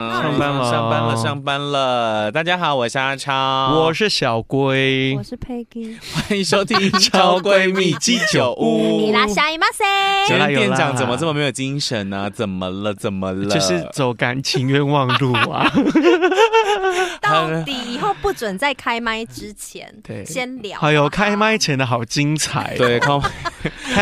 上班了，上班了，上班了，上班了！大家好，我是阿超，我是小龜，我是 Peggy。歡迎收聽《超閨蜜雞酒屋。》 今天店長怎麼這麼沒有精神呢？啊？怎麼了？怎麼了？就是走感情冤枉路啊！ 到底以後不准在開麥之前對先聊。哎呦，開麥前的好精彩！對，開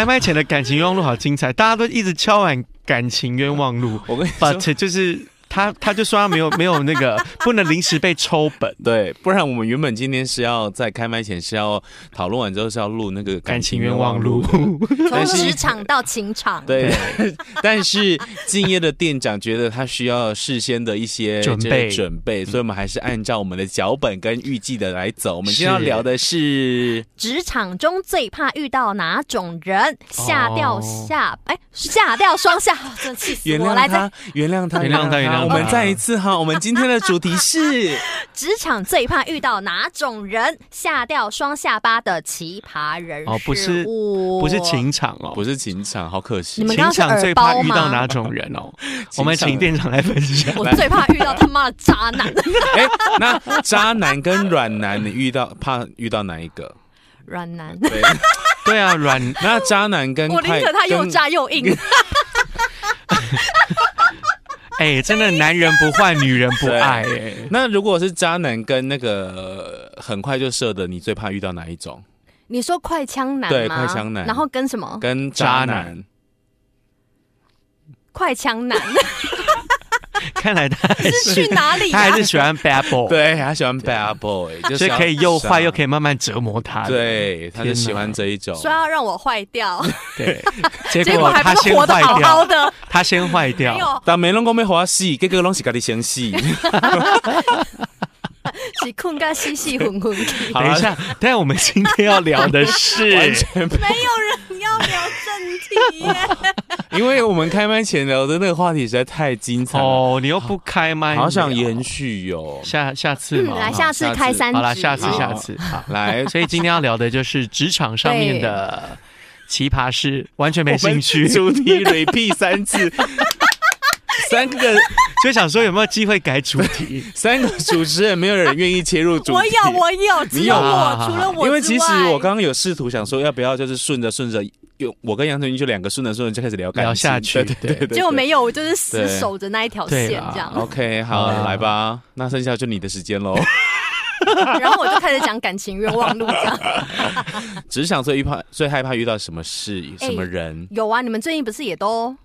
麥前的感情冤枉路好， 好精彩，大家都一直敲完感情冤枉路，我跟你說，就是。 他他就說他沒有沒有那個不能臨時被抽本， 對，不然我們原本今天是要在開麥前是要討論完之後是要錄那個感情冤枉錄，從職場到情場，對， 但是敬業的店長覺得他需要事先的一些準備準備，所以我們還是按照我們的腳本跟預計的來走。 我們今天要聊的是職場中最怕遇到哪種人？哦、下掉下哎下掉雙下， 哦、真氣死我！他我來再，再原諒他，原諒他， 他原諒他，原諒。我們再一次哈，我們今天的主題是職 場最怕遇到哪種人？下掉雙下巴的奇葩人哦，不是，不是情場哦，不是情場，好可惜。情場最怕遇到哪種人哦？我們請店長來分析。我最怕遇到他媽的渣男。哎、 欸，那渣男跟軟男，你遇到怕遇到哪一個？軟男對。對啊，軟 那渣男跟我寧可他又渣又硬。 哎、欸，真的男人不壞、哎，女人不愛、欸。那如果是渣男跟那個很快就射的，你最怕遇到哪一種？你說快槍男？對，快槍男，然後跟什麼？跟渣男，快槍男。 看來他是，是去哪裡、啊，他還是喜歡 bad boy， 對他喜歡 bad boy，就是、所以可以又壞又可以慢慢折磨他。對，他就喜歡這一種，說要讓我壞掉，對，結果他先壞掉，的， 他先壞掉。但美容過沒花洗，結果攏是家己先洗。 只困尬嘻嘻哄哄。等一下，但我們今天要聊的是完全沒， 沒有人要聊正題， 因為我們開麥前聊的那個話題實在太精彩哦。Oh, 你又不開麥，好想延續哦，下下次嘛，嗯、來下次開三次，好了，下次下次好，下次下次好，好，好來。所以今天要聊的就是職場上面的奇葩事，完全沒興趣，主題雷屁三次。 三個就想說有沒有機會改主題？ 三個主持人沒有人願意切入主題。 啊、我有，我有，只有我，我除了我之外。因為其實我剛剛有試圖想說要不要就是順着順着用， 我跟楊丞琳就兩個順着順着就開始聊聊下去，對對，對，對，對，對，結果沒有，我就是死守着那一條線這樣。這樣 OK，好、嗯，來吧，那剩下就你的時間嘍。 然後我就開始講感情冤枉路，上 只想最怕最害怕遇到什麼事、什麼人？欸、有啊，你們最近不是也都？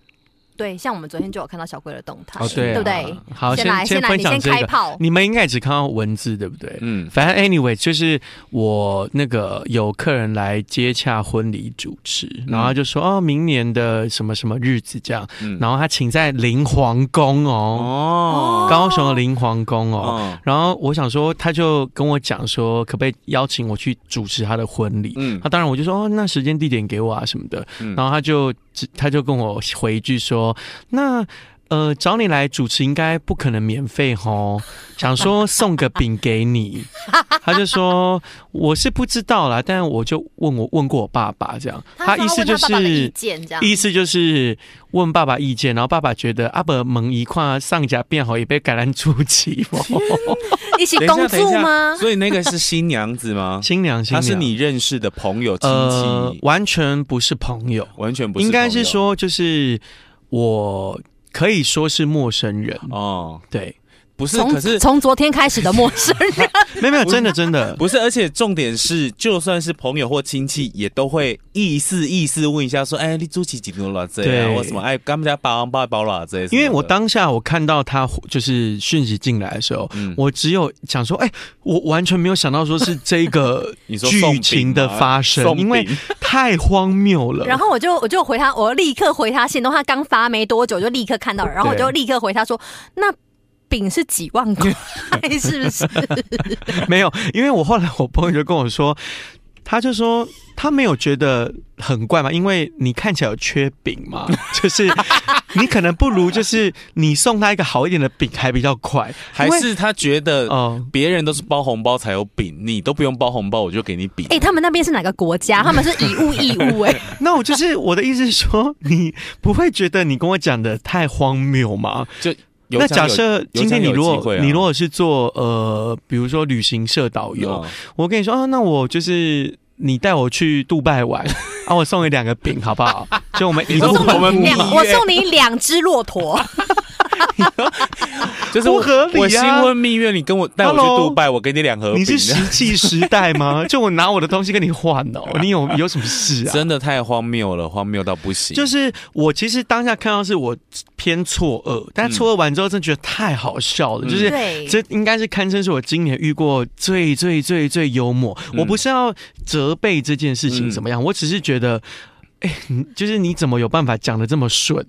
對，像我們昨天就有看到小龜的動態，哦對啊，對不對？好，先先，先分享這個你。你們應該只看到文字，對不對？嗯，反正 anyway，就是我那個有客人來接洽婚禮主持，嗯、然後就說哦，明年的什麼什麼日子這樣，嗯、然後他請在林皇宮哦，哦高雄的林皇宮哦，哦，然後我想說，他就跟我講說，可不可以邀請我去主持他的婚禮？嗯，他當然我就說哦，那時間地點給我啊什麼的，嗯、然後他就他就跟我回一句說。那呃，找你來主持應該不可能免費吼，想說送個餅給你， 他就說我是不知道啦，但我就問我問過我爸爸這樣，他想要問他爸爸的意見這樣。他意思就是意思就是問爸爸意見，這樣。意思就是問爸爸意見，然後爸爸覺得阿伯門一塊上家變好也被改蘭主奇哦，一起工作嗎？所以那個是新娘子嗎？ 新娘新娘她他是你認識的朋友親戚、呃，完全不是朋友，完全不是應該是說就是。我可以說是陌生人哦，對。不是，可是從昨天開始的陌生人、 啊，沒有沒有，真的真的不是，不是。而且重點是，就算是朋友或親戚，也都會意思意思問一下，說：“哎、欸，你主持幾個老子？”對，我什麼？哎，他們家包紅包老子？因為我當下我看到他就是訊息進來的時候，嗯、我只有想說：“哎、欸，我完全沒有想到說是這個你劇情的發生，因為太荒謬了。”然後我就我就回他，我立刻回他信，他剛發沒多久就立刻看到了，然後我就立刻回他說：“那。”餅是幾萬塊，是不是？ 沒有，因為我後來我朋友就跟我說，他就說他沒有覺得很怪嘛，因為你看起來有缺餅嘛， 就是你可能不如就是你送他一個好一點的餅還比較快，還是他覺得別人都是包紅包才有餅，哦，你都不用包紅包我就給你餅。哎、欸，他們那邊是哪個國家？他們是以物易物哎、欸。那 我、no, 就是我的意思是說，你不會覺得你跟我講的太荒謬嗎？就。那假設今天你如果、啊、你如果是做呃，比如說旅行社導遊、啊，我跟你說啊，那我就是你帶我去杜拜玩。幫、啊、我送你兩個餅好不好？就我們一我送你，我們我送你兩隻駱駝， 就是我合理我，我新婚蜜月， 你跟我帶我去杜拜， 我給你兩盒餅。你是石器時代嗎？ 就我拿我的東西跟你換哦？你有有什麼事啊？真的太荒謬了，荒謬到不行。就是我其實當下看到是我偏錯愕，但錯愕完之後，真的覺得太好笑了、嗯。就是這應該是堪稱是我今年遇過最，最最最最幽默。我不是要責備這件事情怎麼樣，嗯、我只是覺得。的，哎，就是你怎麼有辦法講得這麼順？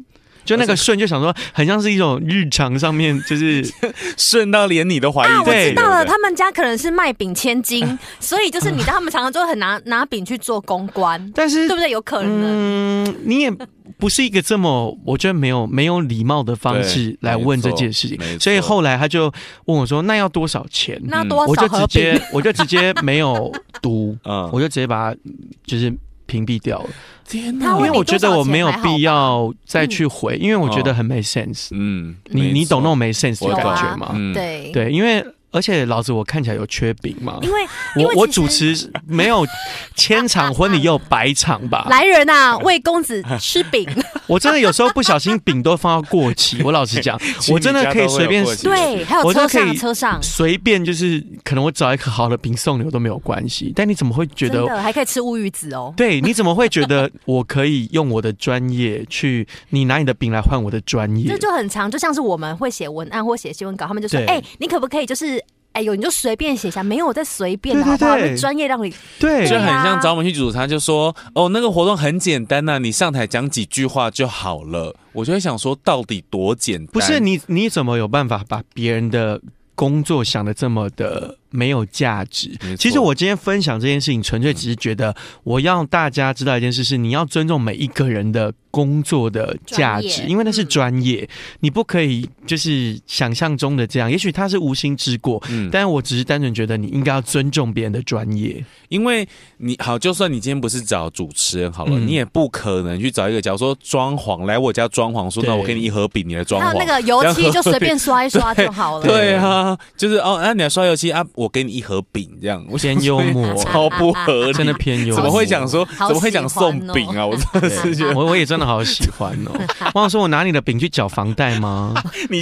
就那個順，就想說，很像是一種日常上面，就是 順到連你都懷疑。啊、對我知道了對對，他們家可能是賣餅千金，啊、所以就是你在他們常常都很拿、啊、拿餅去做公關，但是對不對？有可能，嗯，你也不是一個這麼我覺得沒有沒有禮貌的方式來問這件事情，所以後來他就問我說：“那要多少錢？”那多少錢？我就直接 我就直接沒有讀， 我就直接把它就是。屏蔽掉了，天哪！因為我覺得我沒有必要再去回，嗯、因為我覺得很沒 sense。嗯，你你懂那種沒 sense 的感覺嗎？啊、對、嗯、對，因為。而且老子我看起來有缺餅嗎？因為，因為我我主持沒有千場婚禮，也有百場吧啊啊啊啊。來人吶、啊，餵公子吃餅。 我真的有時候不小心餅都放到過期。我老實講， 我真的可以隨便吃。對，還有車上車上隨便就是，可能我找一顆好的餅送你都沒有關係。但你怎麼會覺得？還可以吃烏魚子哦。 對，你怎麼會覺得我可以用我的專業去？你拿你的餅來換我的專業，這、就是、就很常。就像是我們會寫文案或寫新聞稿，他們就說，哎、欸，你可不可以就是？哎呦，你就隨便寫下，沒有，我再隨便，然後他們專業讓你對，對，對，對，對、啊，就很像找我們去主持，就說哦，那個活動很簡單吶、啊，你上台講幾句話就好了。我就會想說，到底多簡單？不是你，你怎麼有辦法把別人的工作想得這麼的？沒有價值。其實我今天分享這件事情，純粹只是覺得我要大家知道一件事：是你要尊重每一個人的工作的價值，因為那是專業、嗯。你不可以就是想象中的這樣。也許他是無心之過，嗯，但是我只是單純覺得你應該要尊重別人的專業。因為你好，就算你今天不是找主持人好了，嗯、你也不可能去找一個，假如說裝潢來我家裝潢，說那我給你一盒餅，你來裝潢，那個油漆就隨便刷一刷就好了。對，對啊，就是哦，那你要刷油漆啊。我給你一盒餅，這樣我嫌幽默，超不合理，真的偏幽默。怎麼會講說，說怎麼會講送餅啊？我真的是，我是是覺得我也真的好喜歡哦。忘 了說我 拿我拿，我拿你的餅去繳房貸嗎？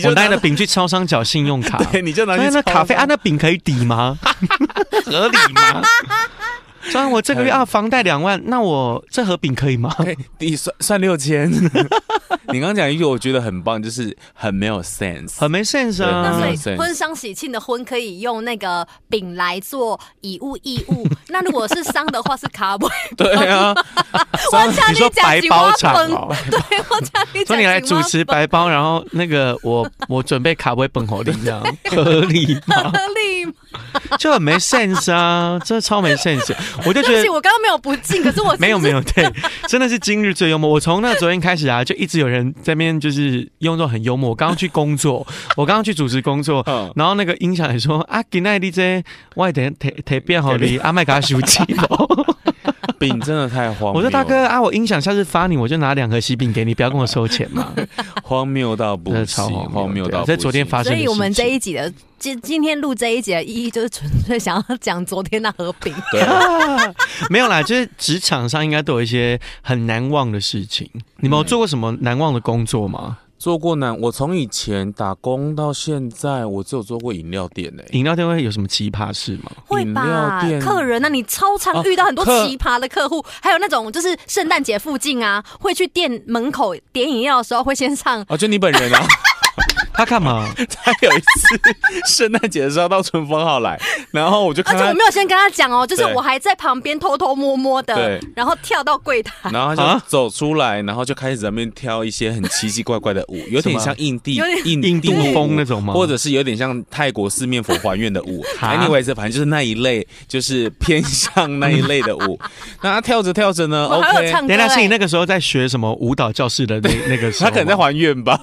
我拿你的餅去超商繳信用卡，你就拿那卡費啊？那餅可以抵嗎？ 合理嗎？ 雖然我這個月要、啊、房貸兩萬，那我這盒餅可以嗎？可以，你算算六千。 你剛剛講一句，我覺得很棒，就是很沒有 sense，很沒 sense、啊。所以，那婚喪喜慶的婚可以用那個餅來做以物易物。 那如果是喪的話，是卡位。對啊，喪。 你說白包場、喔、對，我講你講 說你來主持白包， 然後那個我我準備卡位本好禮這樣，合理嗎？合理。就 很沒 sense 啊，這超沒 sense、啊。 我就覺得我剛剛沒有不敬，可是我沒有沒有對，真的是今日最幽默。我從那昨天開始啊，就一直有人在那邊就是用作很幽默。我剛剛去工作，我剛剛去主持工作、嗯，然後那個音響也說啊，給那 DJ 外頭提提變好的阿麥卡手機。餅真的太荒謬！我說大哥啊，我音響下次發你，我就拿兩盒喜餅給你，不要跟我收錢嘛！ 荒謬到不行，荒謬到在昨天發生，所以我們這一集的今今天錄這一集的意義，就是純粹想要講昨天那盒餅、 啊。沒有啦，就是職場上應該都有一些很難忘的事情。你們有做過什麼難忘的工作嗎？做過呢，我從以前打工到現在，我只有做過飲料店呢、欸。飲料店會有什麼奇葩事嗎？會吧。客人、啊，那你超常遇到很多奇葩的客戶，啊、客還有那種就是聖誕節附近啊，會去店門口點飲料的時候會先唱啊，就你本人啊。 他幹嘛？他有一次聖誕節的時候到春風號來，然後我就看到，而且我沒有先跟他講哦、喔，就是我還在旁邊偷偷摸摸的，對，然後跳到櫃台，然後就走出來，然後就開始在那邊跳一些很奇奇怪怪的舞，有點像印地印印度風那種嗎？或者是有點像泰國四面佛還願的舞？anyway，反正就是那一類，就是偏向那一類的舞。那他跳着跳着呢，有唱歌、欸、，OK，田家信那個時候在學什麼舞蹈教室的那那個時候，他可能在還願吧，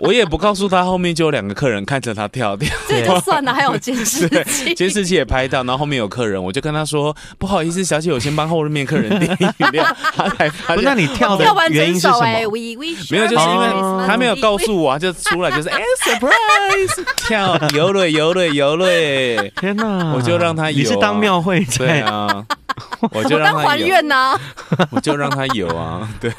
我。 我也不告訴他，後面就有兩個客人看着他跳掉，這就算了，還有監視器，監 視器也拍到，然後後面有客人，我就跟他說，不好意思，小姐，我先幫後面客人點飲料。 他才，那你跳的原因是什麼？欸、 什麼 we, we 沒有，就是因為、oh、他沒有告訴我，他就出來就是哎 欸、，surprise，跳遊樂遊樂遊樂，天哪！我就讓他遊、啊，你是當廟會 對啊，我就讓他有當還願、啊、 我就讓他遊啊，對，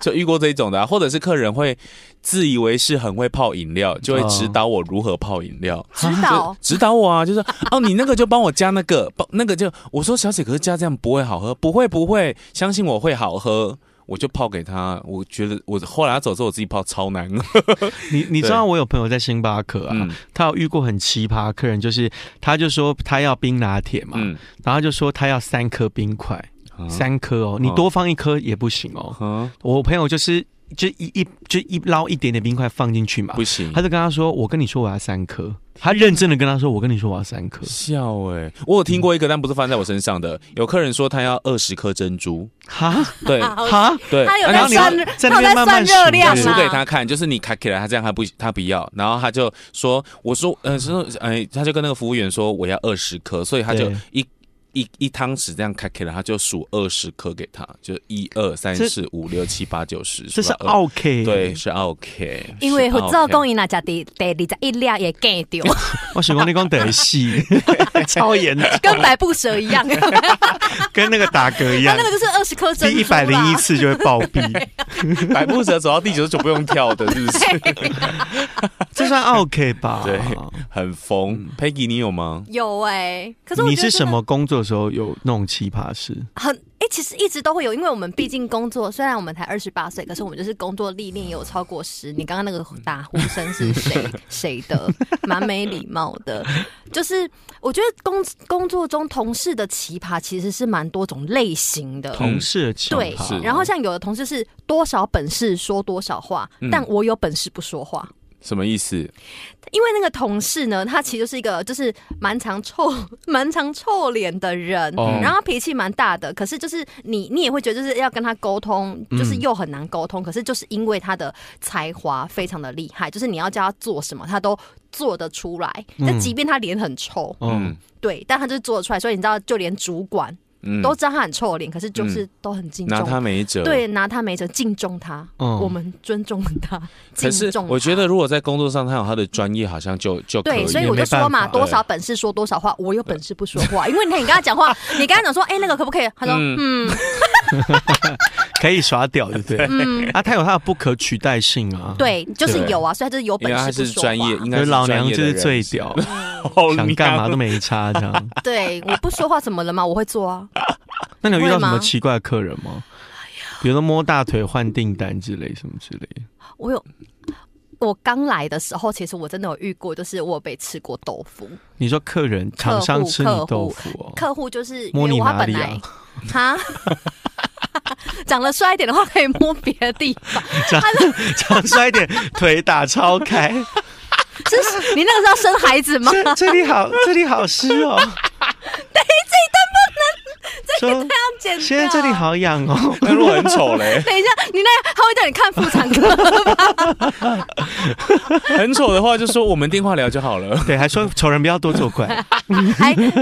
就遇過這種的、啊，或者是客人會。自以為是很會泡飲料，就會指導我如何泡飲料，指導、哦、指導我啊，就是哦，你那個就幫我加那個，那個就我說小姐，可是加這樣不會好喝，不會不會，相信我會好喝，我就泡給他。我覺得我後來他走之後，我自己泡超難喝。呵呵你你知道我有朋友在星巴克啊，他有遇過很奇葩客人，就是他就說他要冰拿鐵嘛、嗯，然後就說他要三顆冰塊、嗯，三顆哦、嗯，你多放一顆也不行哦、嗯。我朋友就是。就一一就一撈一點點冰塊放進去嘛，不行。他就跟他說：“我跟你說我要三顆。”他認真的跟他說：“我跟你說我要三顆。”笑誒、欸、我有聽過一個、嗯，但不是放在我身上的。有客人說他要二十顆珍珠哈，對哈，對。他有在算，啊、你在慢慢他有在算熱量嘛？對，他看就是你卡起來，他這樣他不他不要。然後他就說：“我說嗯、呃，說哎、呃，他就跟那個服務員說我要二十顆，所以他就一。”一一湯匙這樣開開了，他就數二十顆給他，就一二三四五六七八九十，20, 這是 OK，、啊、對，是 OK。OK, 因為知道工人那家的，袋裡只一粒也見掉。 我是講你講得細， 對 超嚴的，跟百步蛇一樣， 跟那個打嗝一樣。 那個就是二十顆一百零一次就會暴斃。百 步對 對 蛇走到第九就不用跳的，是不是？這算 OK 吧？對，很瘋、嗯。Peggy，你有嗎？有哎、欸，可是我你是什麼工作？有時候有那種奇葩事很，很、欸、哎，其實一直都會有，因為我們畢竟工作，雖然我們才二十八歲，可是我們就是工作歷練也有超過十。你剛剛那個打呼聲是誰誰的？蠻 沒禮貌的，就是我覺得工工作中同事的奇葩其實是蠻多種類型的，同事的奇葩對。然後像有的同事是多少本事說多少話，嗯、但我有本事不說話。什麼意思？因為那個同事呢，他其實就是一個就是蠻常臭蠻常臭臉的人，Oh. 然後他脾氣蠻大的。可是就是你你也會覺得就是要跟他溝通，就是又很難溝通、嗯。可是就是因為他的才華非常的厲害，就是你要叫他做什麼，他都做得出來。嗯、但即便他臉很臭，嗯，對，但他就是做得出來。所以你知道，就連主管。嗯、都知道他很臭臉，可是就是都很敬重，拿他沒轍。對，拿他沒轍，敬重他。嗯、我們尊重他，敬重他，可是我覺得如果在工作上，他有他的專業，好像就、嗯、就，就對。所以我就說嘛，多少本事說多少話，我有本事不說話。因為你看，你跟他講話， 你跟他講說，哎、欸，那個可不可以？他說，嗯。嗯 可以耍屌的，對，嗯啊，他有他的不可取代性啊，對，就是有啊，所以他就是有本事，他是專業，應該老娘就是最屌， 想幹嘛都沒差這樣。 對，我不說話什麼了嘛，我會做啊。 那你有遇到什麼奇怪的客人嗎，嗎？比如說摸大腿換訂單之類什麼之類。我有，我剛來的時候，其實我真的有遇過，就是我有被吃過豆腐。你說客人、廠商吃你豆腐哦、喔？客戶就是摸你哪裡啊？哈。 長得帥一點的話，可以摸別的地方。長得長帥一點， 腿打超開。這是你那個時候生孩子嗎這？這裡好，這裡好濕哦。對，這裡都不能。要說這樣剪。現在這裡好癢哦，那如果很醜嘞？等一下，你那樣他會叫你看婦產科 很醜的話，就說我們電話聊就好了。對，還說醜人不要多作怪。還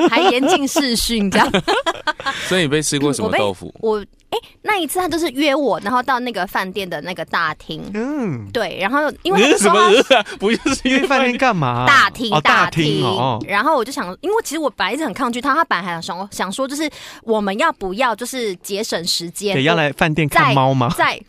還嚴禁視訊，這樣。 所以你被吃過什麼豆腐？嗯、我哎、欸，那一次他就是約我，然後到那個飯店的那個大廳。嗯，對，然後因為他說他什麼、啊？不就是約飯店幹嘛、啊？大廳、哦，大廳，然後我就想，因為其實我本來一直很抗拒他，他本來還想想說，就是我們要不要就是節省時間？對，要來飯店看貓嗎？在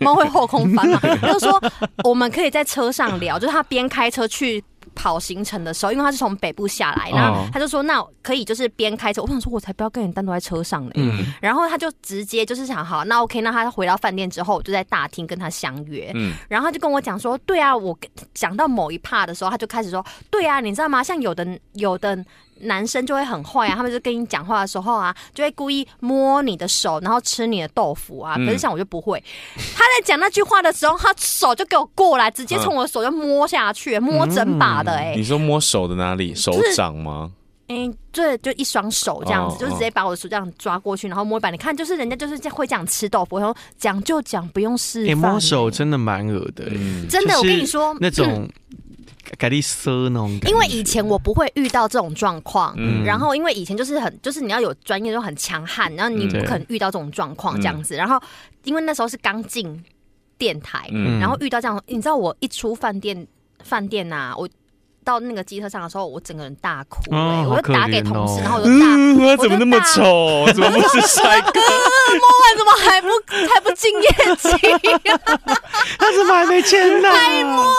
貓會後空翻嗎？ 就是說我們可以在車上聊，就是他邊開車去。跑行程的時候，因為他是從北部下來，然後他就說那可以就是邊開車。Oh. 我想說，我才不要跟你單獨在車上呢。Mm. 然後他就直接就是想好，那 OK，那他回到飯店之後我就在大廳跟他相約。Mm. 然後他就跟我講說，對啊，我講到某一 part 的時候，他就開始說，對啊，你知道嗎？像有的有的。男生就會很壞啊，他們就跟你講話的時候啊，就會故意摸你的手，然後吃你的豆腐啊。可是像我就不會。嗯、他在講那句話的時候，他手就給我過來，直接從我的手就摸下去，嗯、摸整把的哎、欸。你說摸手的哪裡？手掌嗎？嗯、就是，對、欸，就一雙手這樣子，哦、就直接把我的手這樣抓過去，然後摸一把。你看，就是人家就是這樣會這樣吃豆腐，然後講就講，不用示範、欸欸。摸手真的蠻惡的，、欸嗯、的，真、就、的、是，我跟你說那種。嗯因為以前我不會遇到這種狀況，嗯、然後因為以前就是很就是你要有專業就很強悍，然後你不可能遇到這種狀況這樣子，然後因為那時候是剛進電台，嗯、然後遇到這樣，你知道我一出飯店飯店吶、啊，我。到那個機車上的時候，我整個人大哭，欸哦哦，我就打給同事，然後我就大、嗯，我怎麼那麼醜，哦？ 怎麼不是帥哥？摸 完怎麼還不，還不進業績，啊？他怎麼還沒簽呢，啊？太摸了，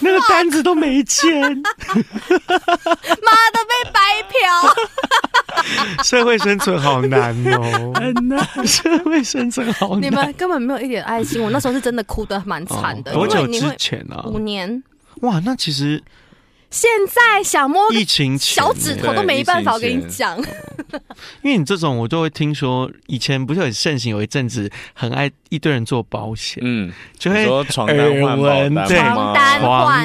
那個單子都沒簽。媽的， 媽被白嫖！ 社會生存好難哦，嗯，很難。社會生存好難，你們根本沒有一點愛心。我那時候是真的哭的蠻慘的。多，哦、久之前啊？五年。哇，那其實。現在想摸個小指，疫情前小指頭都沒辦法，我跟你講。 因為你這種，我就會聽說，以前不是很盛行，有一陣子很愛一堆人做保險，嗯，就會說床單換保單嗎？床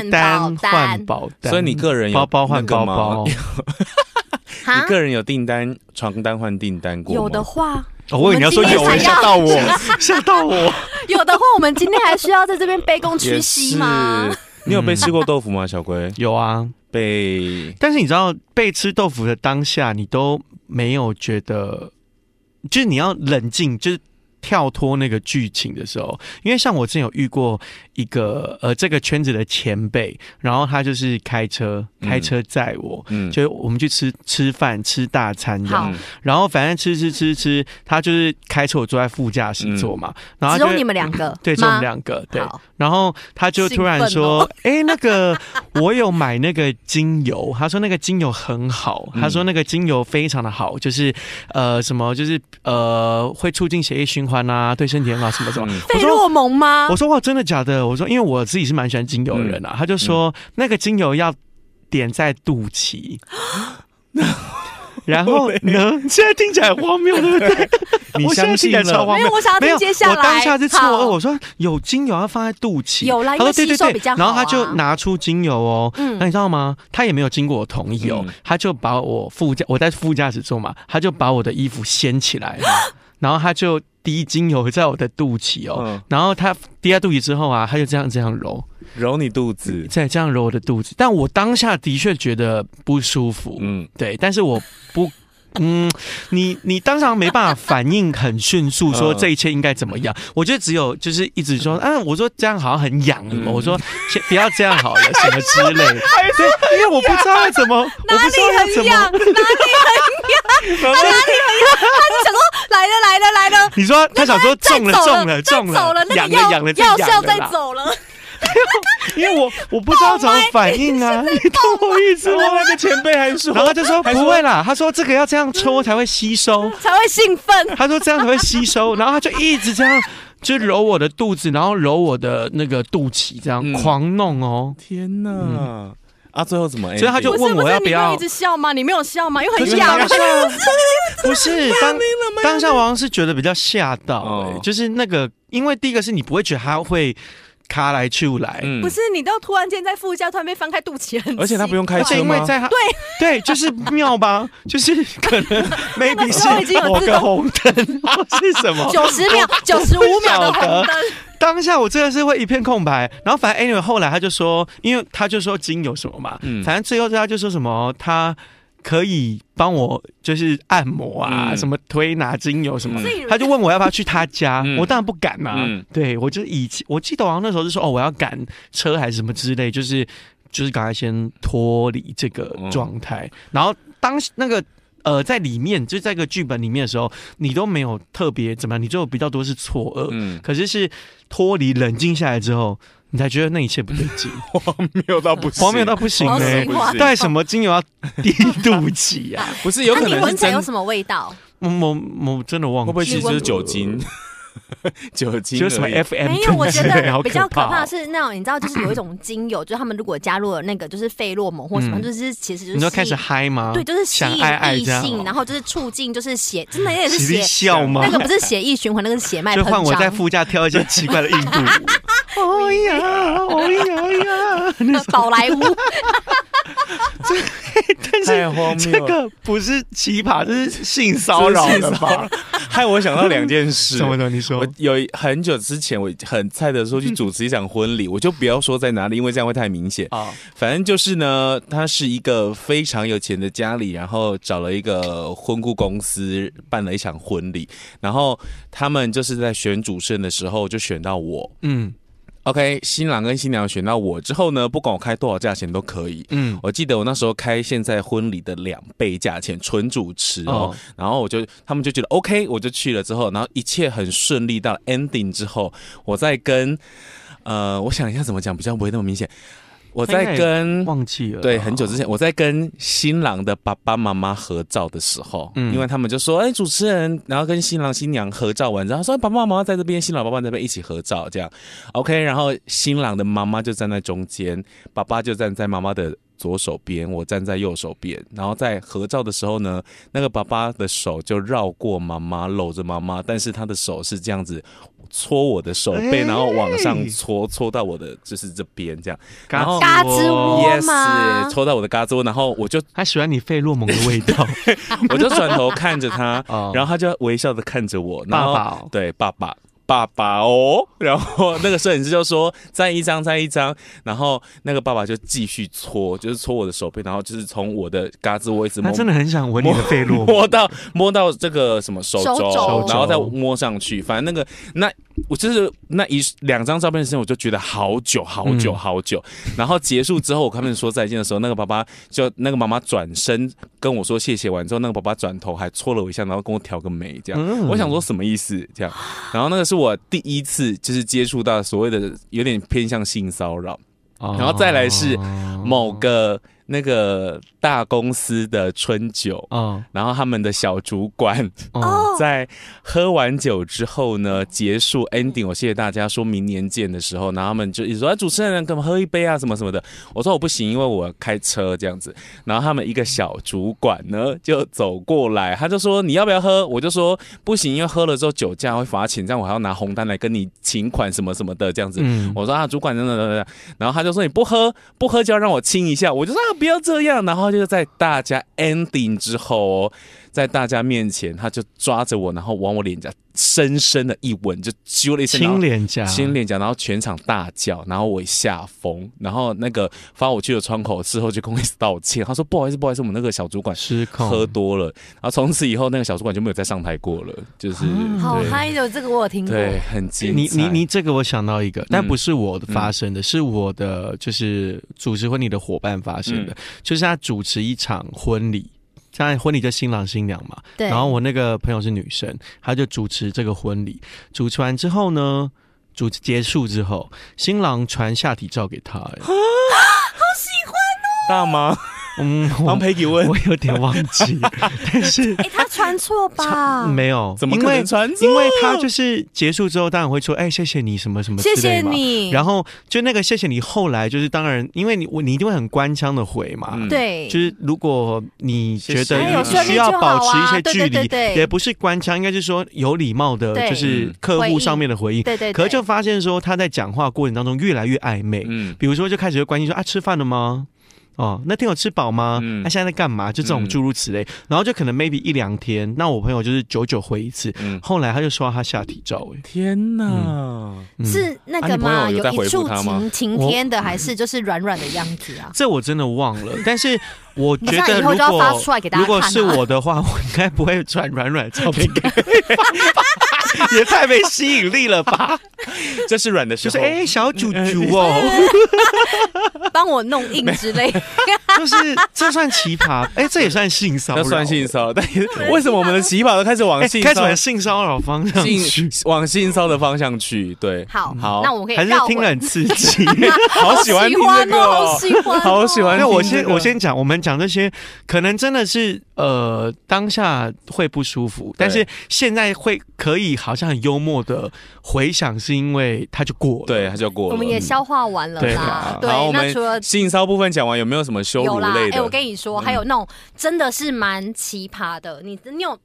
單換保、保單，所以你個人有個包包換包包， 你個人有訂單床單換訂單過嗎？有的話，哦、我以為你要說有人、欸、嚇到我，嚇 到我， 有的話，我們今天還需要在這邊卑躬屈膝嗎？嗯、你有被吃過豆腐嗎，小龜？有啊，被。但是你知道被吃豆腐的當下，你都沒有覺得，就是你要冷靜，就是跳脫那個劇情的時候。因為像我之前有遇過一個呃，這個圈子的前輩，然後他就是開車，開車載我，嗯，就是、我們去吃吃飯，吃大餐這樣，然後反正吃吃吃吃，他就是開車，我坐在副駕駛座嘛、嗯。然後、就是、只有你們兩個,、嗯、個，對，就我們兩個，對。然後他就突然說：“哎、哦欸，那個我有買那個精油， 他說那個精油很好，嗯、他說那個精油非常的好，就是呃什麼就是呃會促進血液循環啊，對身體很好什麼什麼。嗯我說”說費洛蒙嗎？我說，我說哇，真的假的？我說，因為我自己是蠻喜歡精油的人啊。嗯、他就說、嗯、那個精油要點在肚臍。 然後呢？現在聽起來很荒謬，對不對？ 你相信了？沒有，我想要聽接下來，我當下是錯愕。好，我說有精油要放在肚臍，有啦、啊。他說對對對，然後他就拿出精油哦、嗯。那你知道嗎？他也沒有經過我同意哦，他就把我副駕，我在副駕駛座嘛，他就把我的衣服掀起來了 然後他就。滴精油在我的肚臍哦、嗯，然後他滴下肚臍之後啊，他就這樣這樣揉，揉你肚子，再這樣揉我的肚子。但我當下的確覺得不舒服，嗯，對，但是我不。 嗯，你你當場沒辦法反應很迅速，說這一切應該怎麼樣？嗯、我覺得只有就是一直說，啊、嗯，我說這樣好像很癢、嗯，我說先不要這樣好了，什麼之類的，所以因為我不知道怎麼，我不知道怎麼，哪裡很癢，哪裡很癢， 哪裡很 他想說來了來了來了，你說他想說中了中了中了，癢癢了、癢了、癢了、癢了、癢了、癢了、癢了、癢了，要、要再走了。因為我，我我不知道怎麼反應啊！你懂我意思嗎？那個前輩還說，然後他就說，說不會啦。他說這個要這樣抽，才會吸收，才會興奮。他說這樣才會吸收，然後他就一直這樣 就揉我的肚子，然後揉我的那個肚臍，這樣、嗯、狂弄哦！天哪！嗯、啊，最後怎麼？所以他就問我要不要一直笑嗎？你沒有笑嗎？因為很癢嗎？ 不是，當當下我是覺得比較嚇到、哦欸，就是那個，因為第一個是你不會覺得他會。卡來去來、嗯，不是你都突然間在副駕，突然被翻開肚臍，而且他不用開車嗎？對，因為在他對，對，就是妙吧？ 就是可能那個時候已有個紅燈 是什麼？九十秒、九十五秒的紅燈。當下我真的是會一片空白。然後反正 Anyway，後來他就說，因為他就說金有什麼嘛？反、嗯、正最後他就說什麼他。可以幫我就是按摩啊，嗯、什麼推拿、精油什麼，他就問我要不要去他家，嗯、我當然不敢啊。嗯、對，我就以前我記得好像那時候是說哦，我要趕車還是什麼之類，就是就是趕快先脫離這個狀態。哦。然後當時那個呃，在裡面就在個劇本裡面的時候，你都沒有特別怎麼樣，你就比較多是錯愕。嗯，可是是脫離冷靜下來之後，你才覺得那一切不對勁，荒 謬到不行，荒謬到不行，帶什麼精油要啊？低度起啊？不是有可能聞起來有什麼味道？我我我真的忘了，會不會其實就是酒精？ 酒精？就什麼 FM？沒有，我覺得比較可怕的是那種，你知道，就是有一種精油，咳咳就是，他們如果加入了那個，就是費洛蒙或什麼，嗯，就是其實就是，你要開始嗨嘛，對，就是吸引異性愛愛，然後就是促進，就是血，哦，真的也是血笑嗎，那個不是血液循環，那個是血脈。就換我在副駕跳一些奇怪的印度，哎 呀，哎，哦，呀，哦呀，呀，寶萊塢。這個不是奇葩，這就是性騷擾的吧？ 害我想到兩件事， 什麼？你說我有很久之前我很菜的時候去主持一場婚禮，我就不要說在哪裡，因為這樣會太明顯啊。反正就是呢，他是一個非常有錢的家裡，然後找了一個婚顧公司辦了一場婚禮，然後他們就是在選主持人的時候就選到我，嗯。OK，新郎跟新娘選到我之後呢，不管我開多少價錢都可以。嗯，我記得我那時候開現在婚禮的兩倍價錢，純主持。哦，然後我就他們就覺得 OK，我就去了之後，然後一切很順利到 ending 之後，我再跟，呃，我想一下怎麼講，比較不會那麼明顯。我在跟，忘記了，對，很久之前我在跟新郎的爸爸媽媽合照的時候，嗯，因為他們就說，哎，主持人，然後跟新郎新娘合照完，然後說爸爸媽媽在這邊，新郎爸爸在這邊一起合照這樣，OK，然後新郎的媽媽就站在中間，爸爸就站在媽媽的。左手邊，我站在右手邊，然後在合照的時候呢，那個爸爸的手就繞過媽媽，摟着媽媽，但是他的手是這樣子搓我的手背，欸、然後往上搓，搓到我的就是這邊這樣，然後嘎吱窩嗎？、Yes, 搓到我的嘎吱窩，然後我就他喜歡你費洛蒙的味道， 我就轉頭看着他，然後他就微笑的看着我，然後對爸爸。爸爸哦，然後那個攝影師就說再一張再一張，然後那個爸爸就繼續搓，就是搓我的手背，然後就是從我的胳肢窩一直摸，他真的很想聞你的肥肉，摸到摸到這個什麼手肘，手肘，然後再摸上去，反正那個那。我就是那一兩張照片的時間，我就覺得好久好久好久、嗯。然後結束之後，我跟他們說再見的時候，那個爸爸就那個媽媽轉身跟我說謝謝完，完之後那個爸爸轉頭還戳了我一下，然後跟我挑個眉，這樣、嗯。我想說什麼意思？這樣。然後那個是我第一次就是接觸到所謂的有點偏向性騷擾，然後再來是某個。那個大公司的春酒啊，oh. 然後他們的小主管哦，oh. 在喝完酒之後呢，結束 ending，我謝謝大家，說明年見的時候，然後他們就一直說，哎、啊，主持人，跟我們喝一杯啊，什麼什麼的。我說我不行，因為我開車這樣子。然後他們一個小主管呢，就走過來，他就說你要不要喝？我就說不行，因為喝了之後酒駕會罰錢，這樣我還要拿紅單來跟你請款什麼什麼的這樣子。嗯、我說啊，主管等等等。然後他就說你不喝，不喝就要讓我親一下。我就說。啊不要這樣，然後就是在大家 ending 之後哦。在大家面前，他就抓着我，然後往我臉頰深深的一吻，就咻了一下，親臉頰，親臉頰，然後全場大叫，然後我一下風，然後那個發我去的窗口之後就公開道歉，他說不好意思，不好意思，我們那個小主管失控喝多了，然後從此以後那個小主管就沒有再上台過了，就是、嗯、好嗨喲，這個我有聽過，對，很精彩、欸。你你你這個我想到一個，但不是我的發生的、嗯、是我的，就是主持婚禮的夥伴發生的，嗯、就是他主持一場婚禮。現在婚禮就新郎新娘嘛，對。然後我那個朋友是女生，她就主持這個婚禮。主持完之後呢，主持結束之後，新郎傳下體照給她。啊，好喜歡哦，大嗎？嗯，王培給我，我有點忘記， 但是、欸、他傳錯？吧沒有，怎麼可能傳錯？因為他就是結束之後，當然會說，哎、欸，謝謝你什麼什麼類，謝謝你。然後就那個謝謝你，後來就是當然，因為你我你一定會很官腔的回嘛。對、嗯，就是如果你覺得你需要保持一些距離，也、啊、對對對對不是官腔，應該就是說有禮貌的，就是客戶上面的回應。回應對，對，對對。可是就發現說他在講話過程當中越來越曖昧，嗯，比如說就開始就關心說啊，吃飯了嗎？哦，那天有吃飽嗎？他、嗯啊、現在在幹嘛？就這種諸如此類、嗯，然後就可能 maybe 一兩天，那我朋友就是久久回一次。嗯、後來他就說他下體照、欸，天哪、嗯，是那個嗎？啊、有在回覆他嗎？有一柱擎天的還是就是軟軟的樣子啊、嗯？這我真的忘了，但是我覺得如果、啊、如果是我的話，我應該不會傳軟軟照片。也太沒吸引力了吧！ 這是軟的時候，就是，哎、欸，小豬豬哦， 幫我弄硬之類， 就是這算奇葩，哎、欸，這也算性騷不算性騷但但為什麼我們的奇葩都開始往性，開始往性騷擾方向去，性往性騷的方向去？對，好，好，那我們可以還是聽了很刺激， 那 好喜歡聽、這個，好喜歡、哦，好喜歡、這個。那我先，我先講，我們講這些，可能真的是呃，當下會不舒服，但是現在會。可以，好像很幽默的回想，是因為他就過了，對他就過了，我們也消化完了啦。嗯、對，對，對，那除了性騷部分講完，有沒有什麼羞辱類的？有啦，哎、欸，我跟你說，嗯、還有那種真的是蠻奇葩的，你你有。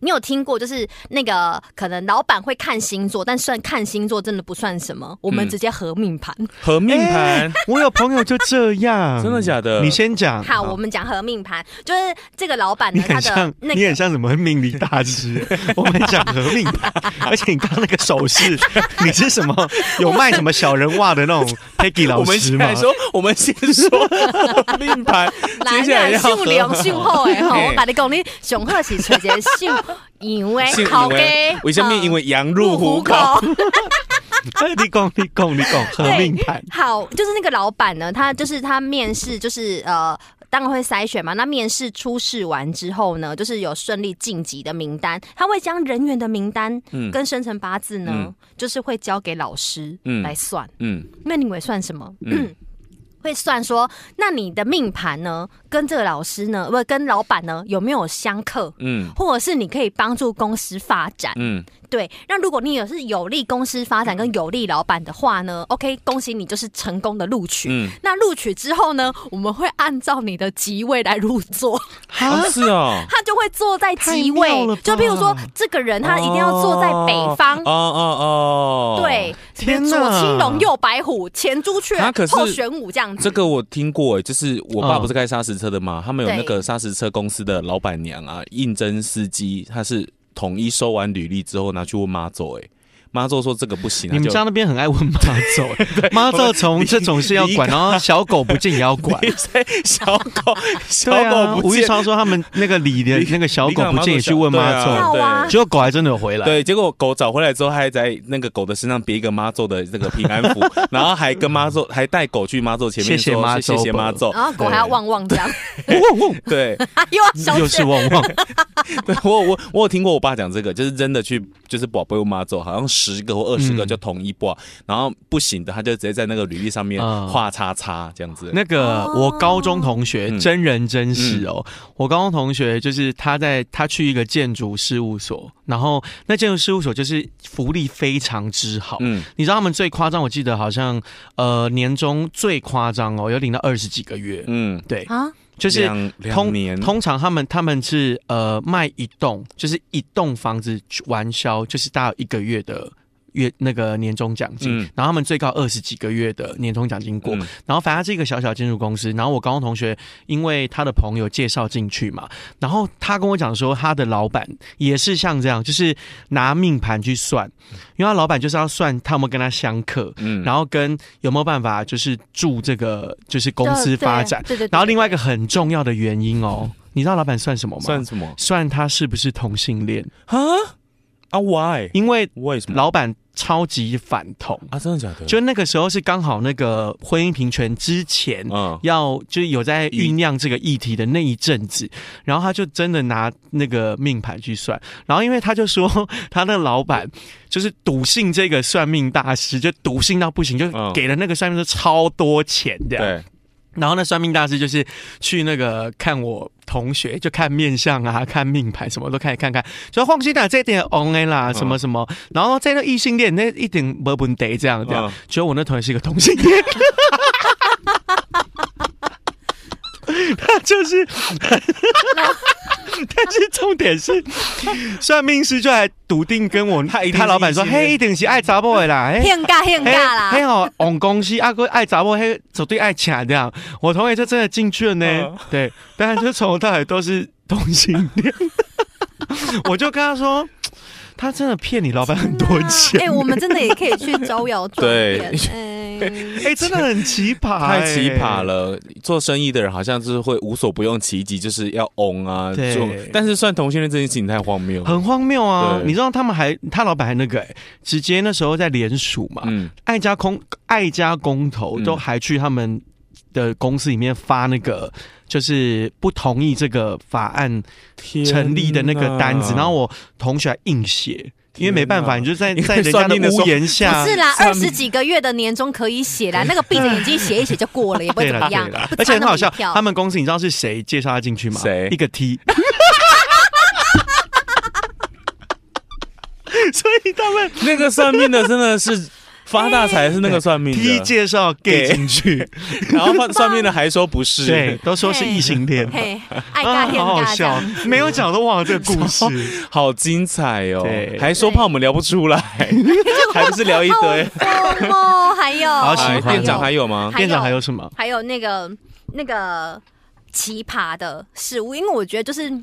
你有聽過就是那個可能老闆會看星座，但算看星座真的不算什麼，我們直接合命盤，嗯。合命盤，欸，我有朋友就這樣， 真的假的？你先講。好，我們講合命盤，就是這個老闆，你很像他的，那個，你很像什麼命理大師？ 我們講合命盤， 而且你看那個手勢， 你是什麼？有賣什麼小人襪的那種 Peggy 老師嗎？ 說，我們先說合命盤， 接下來要訓良訓厚哎，我把你拱你熊賀喜，直接秀。因為，OK，我下面因為羊入虎口，嗯、虎口 你講，你講，你講，和命盤好，就是那個老闆呢，他就是他面試，就是呃，當然會篩選嘛。那面試初試完之後呢，就是有順利晉級的名單，他會將人員的名單跟生辰八字呢、嗯嗯，就是會交給老師來算。嗯，嗯那你們算什麼？嗯會算說，那你的命盤呢？跟這個老師呢，不跟老闆呢，有沒有相克？嗯，或者是你可以幫助公司發展。嗯。對，那如果你有是有利公司發展跟有利老闆的話呢？OK，恭喜你就是成功的錄取。嗯、那錄取之後呢，我們會按照你的席位來入座。啊，是啊，他就會坐在席位。就譬如說，這個人他一定要坐在北方。哦哦哦，哦，對，天哪、就是、左青龍，右白虎，前朱雀，後玄武，這樣子。這個我聽過、欸，就是我爸不是開砂石車的嘛、哦，他們有那個砂石車公司的老闆娘啊，應徵司機，他是。統一收完履歷之後，拿去問媽做、欸。誒媽祖說這個不行，你們家那邊很愛問媽祖、欸。媽 祖從這種是要管，然後小狗不見也要管。小狗，小狗吳玉超說他們那個李的，那個小狗不見也去問媽祖，祖對、啊。對，結果狗還真的有回來。對，結果狗找回來之後，還在那個狗的身上別一個媽祖的這個平安符， 然後還跟媽祖還帶狗去媽祖前面。謝謝媽祖謝謝媽然後狗還要旺旺叫。汪對，對， 啊、對，又是旺旺。 對，我我我有聽過我爸講這個，就是真的去，就是寶貝用媽祖好像是。十個或二十個就同一波、啊，嗯、然後不行的他就直接在那個履歷上面畫叉叉這樣子、嗯。那個我高中同學真人真事哦，我高中同學就是他在他去一個建築事務所，然後那建築事務所就是福利非常之好。嗯，你知道他們最誇張，我記得好像呃年終最誇張哦，有領到二十幾個月。嗯，對啊。就是通，通常他們他們是呃賣一棟，就是一棟房子完銷就是大概一個月的月那個年終獎金，嗯、然後他們最高二十幾個月的年終獎金過，嗯、然後反正是一個小小建築公司，然後我高中同學因為他的朋友介紹進去嘛，然後他跟我講說他的老闆也是像這樣，就是拿命盤去算，因為他老闆就是要算他們跟他相克，嗯，然後跟有沒有辦法就是助這個就是公司發展，對對，然後另外一個很重要的原因哦，你知道老闆算什麼嗎？算什麼？算他是不是同性戀啊？啊，Why？因為為什麼為老板超級反同啊？真的假的？就那個時候是剛好那個婚姻平權之前，要就是有在醞釀這個議題的那一陣子，嗯，然後他就真的拿那個命盤去算，然後因為他就說他那個老板就是篤信這個算命大師，就篤信到不行，就給了那個算命師超多錢的。嗯。對。然後呢，算命大師就是去那個看我同學，就看面相啊，看命牌、什麼都開始看一看，一看。說放心啦，啊，這一點 online 啦，什麼什麼，嗯、然後在那異性戀那一點 d a 得這樣、嗯、這樣，覺得我那同學是一個同性戀。嗯 他就是，但是重點是，算命師就還篤定跟我，他一他老闆說，嘿，一定是愛查埔的啦，嘿，嘿，尷尬好王公司啊，哥愛查埔，嘿，絕對愛錢的，我同學就真的進去了呢，對，但是就從頭到尾都是同性戀，我就跟他說。他真的騙你老板很多錢，啊，哎、欸，我們真的也可以去招搖撞騙，哎、 欸欸，真的很奇葩，欸，太奇葩了！做生意的人好像就是會無所不用其極，就是要翁啊，對，但是算同性戀這件事情太荒謬，很荒謬啊！你知道他們還他老板還那個、欸，直接那時候在聯署嘛、嗯，愛家公愛家公投都還去他們的公司裡面發那個。就是不同意這個法案成立的那個單子，然後我同學還硬寫，因為沒辦法，你就在在人家的屋檐下。不是啦，二十幾個月的年終可以寫啦，那個閉着眼睛寫一寫就過了， 也不會怎麼樣。而且很好笑，他們公司你知道是誰介紹他進去嗎？誰？一個 T。 所以他們那個上面的真的是。發大財是那個算命的。第一介紹 g 進去， 然後算命的還說不是， 對，都說是異性戀，哎、 啊，好好笑， 沒有講都忘了這個故事，好精彩哦，還說怕我們聊不出來， 還不是聊一堆， 哦，還有， 店長還有嗎？還有。店長還有什麼？還有那個那個奇葩的事物，因為我覺得就是，哎、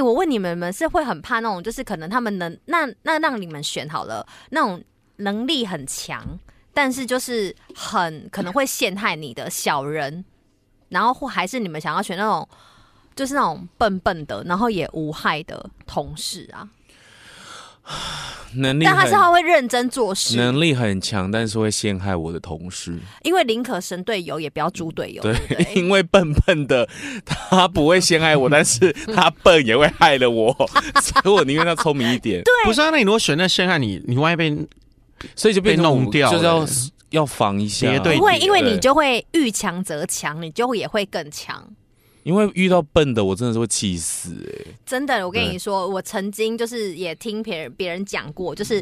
欸，我問你們們是會很怕那種，就是可能他們能那那讓你們選好了那種。能力很強，但是就是很可能會陷害你的小人，然後或還是你們想要選那種，就是那種笨笨的，然後也無害的同事啊。能力但他是他會認真做事，能力很強，但是會陷害我的同事。因為寧可神隊友，也不要豬隊友。對，因為笨笨的他不會陷害我， 但是他笨也會害了我。 所以我寧願他聰明一點。 對，不是啊？那你如果選那陷害你，你萬一被。所以就被弄掉，就是要、嗯、要防一些，對，因為因為你就會遇強則強，你就會也會更強。因為遇到笨的，我真的是會氣死哎、欸！真的，我跟你說，我曾經就是也聽別人別人講過，就是、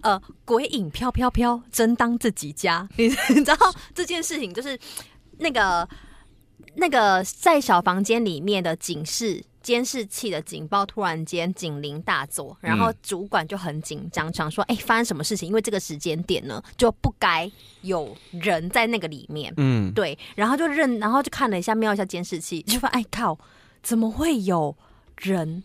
嗯、呃，鬼影飄飄飄，真當自己家。你你知道 這件事情，就是那個那個在小房間裡面的警示。監視器的警報突然間警鈴大作，然後主管就很緊張，想說：“哎、欸，發生什麼事情？因為這個時間點呢，就不該有人在那個裡面。”嗯，對，然後就認，然後就看了一下，瞄一下監視器，就發現：“哎靠，怎麼會有人？”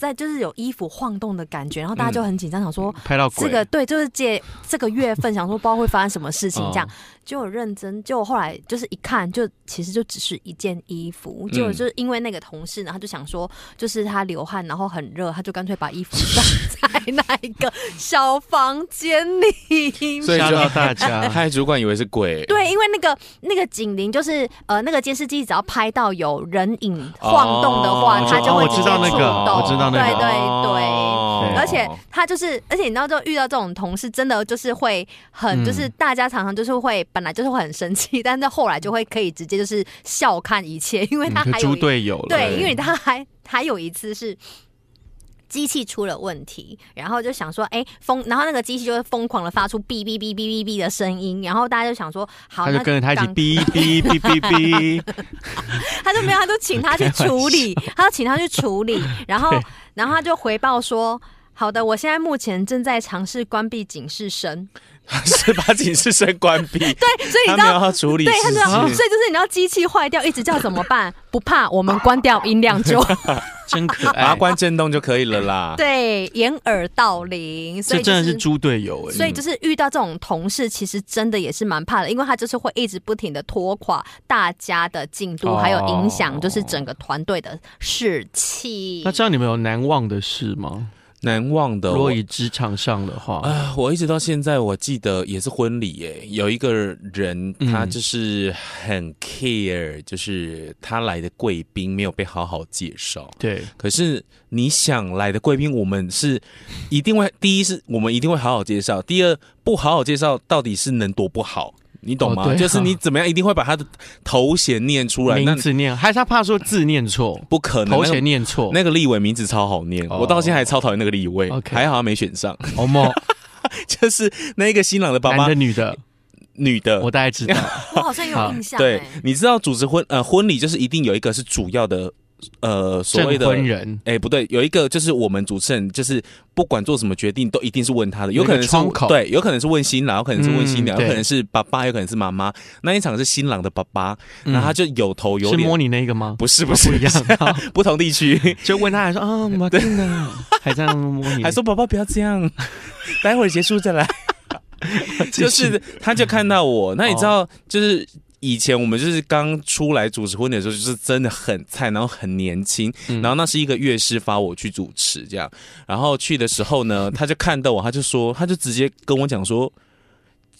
在就是有衣服晃動的感覺，然後大家就很緊張、嗯，想說、這個、拍到鬼。這個對，就是借這個月份想說不知道會發生什麼事情，這樣、 哦、就認真。就後來就是一看，就其實就只是一件衣服，嗯、就就是因為那個同事呢，呢他就想說，就是他流汗，然後很熱，他就乾脆把衣服放在那一個小房間裡面， 所以就大家害 主管以為是鬼。對，因為那個那個警鈴，就是呃那個監視機只要拍到有人影晃動的話，哦、他就會觸動。對對對，哦，對，對哦，而且他就是，而且你知道，就遇到這種同事，真的就是會很，就是大家常常就是會本來就是很生氣，嗯，但是後來就會可以直接就是笑看一切，因為他還有、嗯、對，因為他還還有一次是機器出了問題，然後就想說，哎、欸，瘋，然後那個機器就會瘋狂的發出嗶嗶嗶嗶嗶嗶的聲音，然後大家就想說，好，他就跟着他一起嗶嗶嗶嗶嗶，嗶嗶嗶嗶嗶嗶嗶 他就沒有，他就請他去處理，他就請他去處理，然後。然後他就回報說：“好的，我現在目前正在嘗試關閉警示聲，是把警示聲關閉。 ”對，所以你知道他要處理，對他知道，所以就是你知道機器壞掉一直叫怎麼辦？ 不怕，我們關掉音量就 真可愛，把它 關震動就可以了啦。對， 對掩耳盜鈴，就是。這真的是豬隊友，欸嗯。所以就是遇到這種同事，其實真的也是蠻怕的，因為他就是會一直不停的拖垮大家的進度，哦，還有影響就是整個團隊的士氣，哦。那這樣你們有難忘的事嗎？難忘的，如果以職場上的話啊、呃，我一直到現在，我記得也是婚禮誒、欸，有一個人他就是很 care、嗯、就是他來的貴賓沒有被好好介紹。對，可是你想來的貴賓，我們是一定會 第一是我們一定會好好介紹，第二不好好介紹到底是能多不好。你懂嗎、oh, 啊？就是你怎麼樣，一定會把他的頭銜念出來。名字念，還是他怕說字念錯？不可能，頭銜念錯、那個。那個立偉名字超好念，oh. 我到現在還超討厭那個立偉。Okay. 還好他沒選上。哦莫，就是那個新郎的爸媽。男的女的，女的，我大概知道。 我好像有印象。 對，你知道主持婚呃婚禮，就是一定有一個是主要的。呃，所謂的哎、這個婚人欸、不對，有一個就是我們主持人，就是不管做什麼決定都一定是問他的，有可能是、那個、窗口對，有可能是問新郎，有可能是問新娘、嗯，有可能是爸爸，有可能是媽媽。那一場是新郎的爸爸，嗯、然後他就有頭有臉。是摸你那個嗎？不是，不是不一樣， 不同地區 就問他還說啊，媽 的、哦，還在那摸你，還說寶寶不要這樣， 待會兒結束再來。 就是他就看到我， 那你知道、哦、就是。以前我們就是剛出來主持婚禮的時候，就是真的很菜，然後很年輕，然後那是一個樂師發我去主持這樣，然後去的時候呢，他就看到我，他就說，他就直接跟我講說，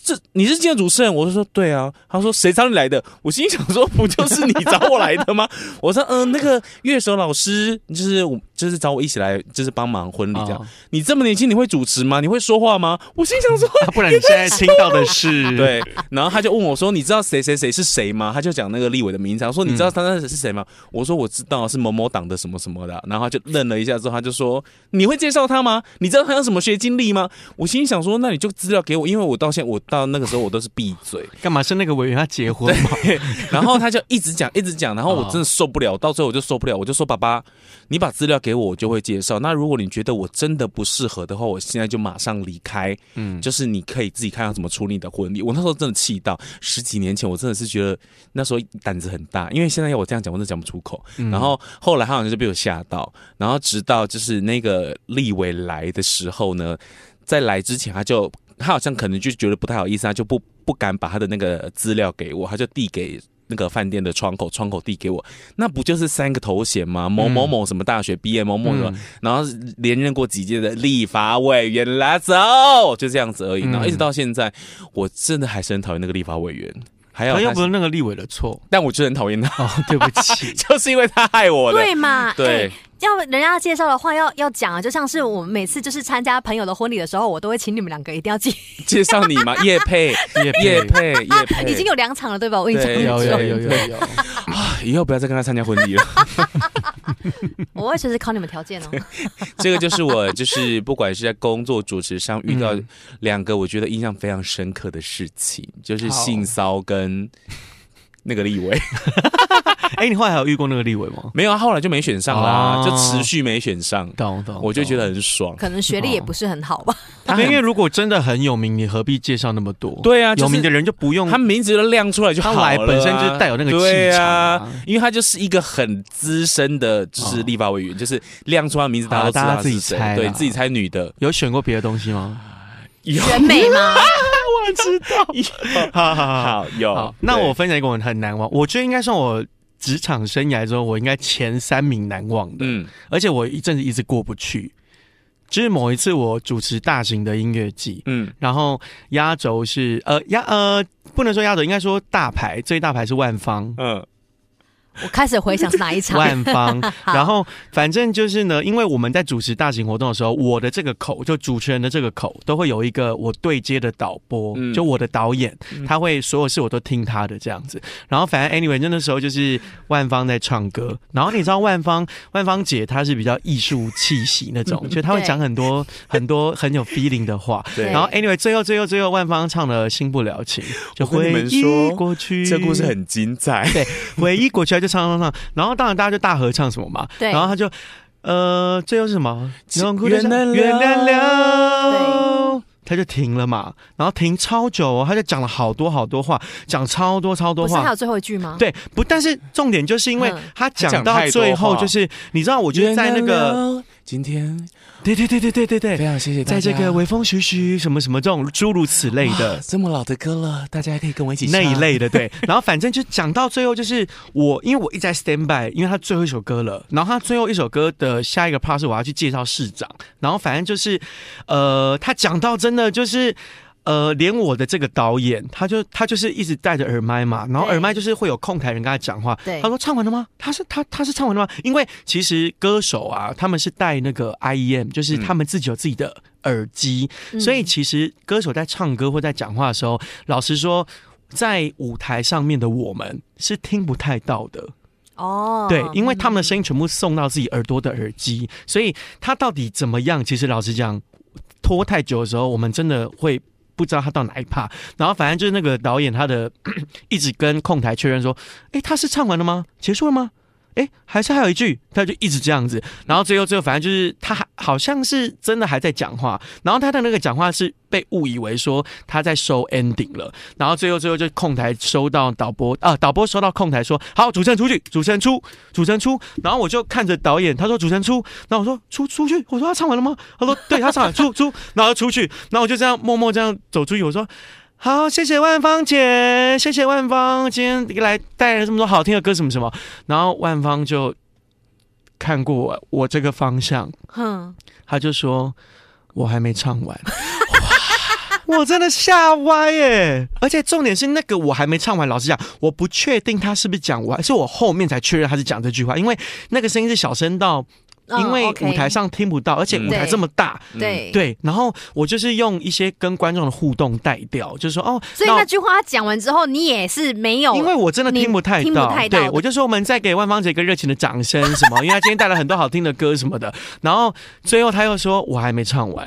這你是今天主持人，我就說對啊，他說誰找你來的，我心裡想說不就是你找我來的嗎？ 我說嗯、呃，那個樂手老師就是我。就是找我一起來，就是幫忙婚禮這樣。Oh. 你這麼年輕，你會主持嗎？你會說話嗎？我心想說，啊、不然你現在聽到的是 對。然後他就問我說：“你知道誰誰誰是誰嗎？”他就講那個立委的名字他說：“你知道他那是是誰嗎、嗯？”我說：“我知道是某某黨的什麼什麼的。”然後他就愣了一下，之後他就說：“你會介紹他嗎？你知道他有什麼學經歷嗎？”我心想說：“那你就資料給我，因為我到現在我到那個時候，我都是閉嘴。幹 嘛是那個委員他結婚嗎對？”然後他就一直講，一直講，然後我真的受不了，oh. 到最後我就受不了，我就說：“爸爸。”你把資料給我，我就會介紹。那如果你覺得我真的不適合的話，我現在就馬上離開。嗯，就是你可以自己看要怎麼處理你的婚禮。我那時候真的氣到，十幾年前我真的是覺得那時候膽子很大，因為現在要我這樣講，我都講不出口。嗯。然後後來他好像就被我嚇到，然後直到就是那個立偉來的時候呢，在來之前他就他好像可能就覺得不太好意思，他就不不敢把他的那個資料給我，他就遞給。那個飯店的窗口，窗口遞給我，那不就是三個頭銜嗎？某某某什麼大學畢業，某某什麼，嗯嗯，然後連任過幾屆的立法委員來，走，就這樣子而已。然後一直到現在，嗯嗯，我真的還是很討厭那個立法委員。還有，又不是那個立委的錯，但我真的很討厭他。對不起，就是因為他害我了對嘛、哎，對。要人家介紹的話，要要講啊，就像是我們每次就是參加朋友的婚禮的時候，我都會請你們兩個一定要介介紹你嘛，業配，業配，業配，已經有兩場了，對吧？我已經有有有有有，有，有啊，以後不要再跟他參加婚禮了。 我完全是靠你們條件哦。這個就是我就是不管是在工作主持上遇到、嗯、兩個我覺得印象非常深刻的事情，就是性騷跟…… 那個立委，哎，你後來還有遇過那個立委嗎？ 沒有啊，後來就沒選上啦，就持續沒選上。懂懂，我就覺得很爽，哦。可能學歷也不是很好吧，哦。 他因為如果真的很有名，你何必介紹那麼多？對啊，有名的人就不用，他名字都亮出來就好了。本身就帶有那個氣場，因為他就是一個很資深的，就是立法委員，就是亮出他名字，大家都知道自己猜，對自己猜女的。有選過別的東西嗎？有選美嗎？ 知道，好好好，好有好。那我分享一個我很難忘，我覺得應該算我職場生涯中我應該前三名難忘的。嗯，而且我一陣子一直過不去。就是某一次我主持大型的音樂季，嗯，然後壓軸是呃壓呃不能說壓軸，應該說大牌，最大牌是萬芳。嗯。我開始回想是哪一場 萬芳，然後反正就是呢，因為我們在主持大型活動的時候，我的這個口就主持人的這個口都會有一個我對接的導播，嗯、就我的導演，他會所有事我都聽他的這樣子。然後反正 anyway，那時候就是萬芳在唱歌。然後你知道萬芳萬芳姐她是比較藝術氣息那種，就 她會講很多很多很有 feeling 的話。然後 anyway 最後最後最後萬芳唱的新不了情，就回憶過去，我跟你們說過去，這故事很精彩。對，回憶過去。就唱唱唱，然後當然大家就大合唱什麼嘛，對，然後他就，呃，這又是什麼？原諒了，對，他就停了嘛，然後停超久，哦、他就講了好多好多話，講超多超多話，不是還有最後一句嗎？對，不，但是重點就是因為他講到最後，就是、嗯、你知道，我覺得在那個。今天，對對對對對對對，非常謝謝，在這個微風徐徐什麼什麼這種諸如此類的，這麼老的歌了，大家還可以跟我一起唱那一類的對， 然後反正就講到最後就是我，因為我一直在 stand by，因為他最後一首歌了，然後他最後一首歌的下一個 part 是我要去介紹市長，然後反正就是，呃，他講到真的就是。呃，連我的這個導演，他就他就是一直戴着耳麥嘛，然後耳麥就是會有控台人跟他講話。對，他說唱完了嗎？他是他他是唱完了嗎？因為其實歌手啊，他們是戴那個 IEM，就是他們自己有自己的耳機、嗯，所以其實歌手在唱歌或在講話的時候、嗯，老實說，在舞台上面的我們是聽不太到的哦。對，因為他們的聲音全部送到自己耳朵的耳機，所以他到底怎麼樣？其實老實講，拖太久的時候，我們真的會。不知道他到哪一趴，然後反正就是那個導演，他的一直跟控台確認說：“誒，他是唱完了嗎？結束了嗎？”哎、欸，還是還有一句，他就一直這樣子，然後最後最後反正就是他還好像是真的還在講話，然後他的那個講話是被誤以為說他在收 ending 了，然後最後最後就控台收到導播啊、呃，導播收到控台說好，主持人出去，主持人出，主持人出，然後我就看着導演，他說主持人出，然後我說出出去，我說他唱完了嗎？他說對，他唱完了， 出出，然後出去，然後我就這樣默默這樣走出去，我說。好，謝謝萬芳姐，謝謝萬芳，今天來帶來這麼多好聽的歌，什麼什麼，然後萬芳就看過我這個方向，哼，他就說我還沒唱完，我真的嚇歪耶、欸！而且重點是那個我還沒唱完，老實講，我不確定他是不是講完，是我後面才確認他是講這句話，因為那個聲音是小聲到。因為舞台上聽不到、嗯，而且舞台這麼大，對對，對，然後我就是用一些跟觀眾的互動帶掉，就是說哦，所以那句話他講完之後，你也是沒有，因為我真的聽不太到，太到對，我就說我們再給萬芳姐一個熱情的掌聲什麼， 因為她今天帶來很多好聽的歌什麼的，然後最後他又說我還沒唱完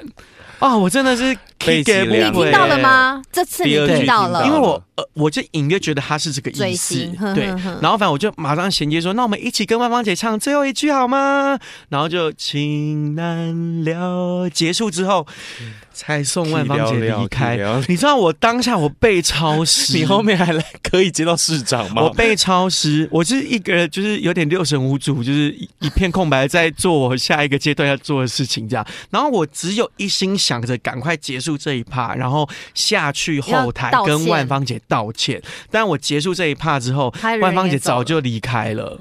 啊、哦，我真的是。你聽到了嗎？這次你聽到了，到了，因為我呃，我就隱約覺得他是這個意思呵呵呵，對。然後反正我就馬上銜接說：“那我們一起跟萬芳姐唱最後一句好嗎？”然後就“情難了”。結束之後。嗯才送萬芳姐離開，你知道我當下我被超時，你後面還來可以接到市長嗎？我被超時，我就是一個人就是有點六神無主，就是一片空白，在做我下一個階段要做的事情這樣。然後我只有一心想着趕快結束這一趴，然後下去後台跟萬芳姐道歉。但我結束這一趴之後，萬芳姐早就離開了。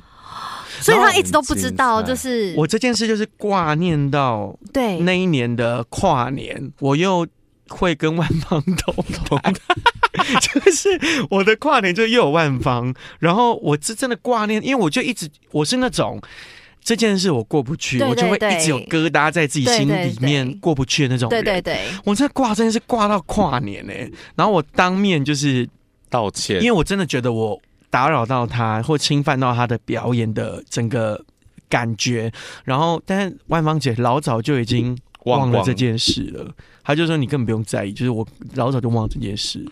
所以，他一直都不知道，就是我這件事就是掛念到，對那一年的跨年，我又會跟萬芳同同 就是我的跨年就又有萬芳，然後我是真的掛念，因為我就一直我是那種這件事我過不去，對對對，我就會一直有疙瘩在自己心裡面過不去的那種人，對對對，我這掛真的是掛到跨年哎、欸， 然後我當面就是道歉，因為我真的覺得我。打擾到他或侵犯到他的表演的整個感覺，然後，但是萬芳姐老早就已經忘了這件事了忘忘，她就說你根本不用在意，就是我老早就忘了這件事。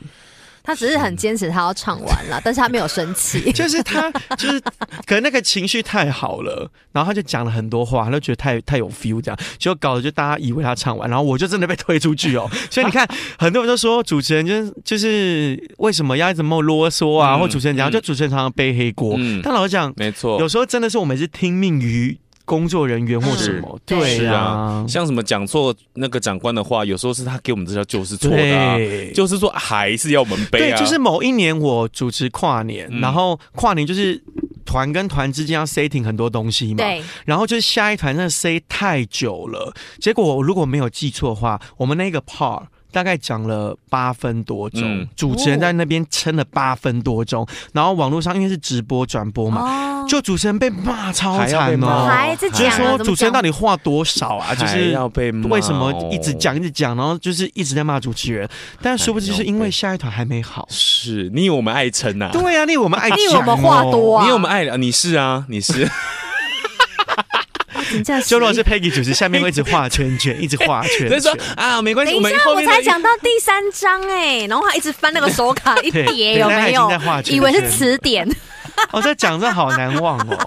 他只是很堅持，他要唱完了， 但是他沒有生氣。就是他，就是可能那個情緒太好了，然後他就講了很多話，他就覺得太太有 feel 這樣，就搞得就大家以為他唱完，然後我就真的被推出去哦。 所以你看，很多人都說主持人就是就是為什麼要一直那麼囉嗦啊、嗯？或主持人講，嗯，就主持人常常背黑鍋，嗯。但老實講，沒錯，有時候真的是我們是聽命於。工作人員或什麼，是對啊，啊，像什麼講錯那個長官的話，有時候是他給我們這條就是錯的、啊，就是說還是要我們背。對，就是某一年我主持跨年，嗯、然後跨年就是團跟團之間要 setting 很多東西嘛，對，然後就是下一團那 set 太久了，結果我如果沒有記錯的話，我們那個 part。大概講了八分多鐘、嗯，主持人在那邊撐了八分多鐘、哦，然後網絡上因為是直播轉播嘛、哦，就主持人被罵超慘哦、喔，還在講，就是、說主持人到底話多少啊？就是、啊、要被罵、就是、為什麼一直講一直講，然後就是一直在罵主持人，但說不定是因為下一團還沒好，是你以為我們愛撐吶、啊，對啊，你以為我們愛、喔、你以為我們話多以你我們愛你是啊你是。 就如果是 Peggy 主持，下面會一直畫圈圈， 一直畫圈圈。所以說啊，沒關係，等一下，我，一我才講到第三章哎、欸，然後還一直翻那個手卡一疊，有沒有？ 圈圈以為是詞典。我在講的好難忘哦，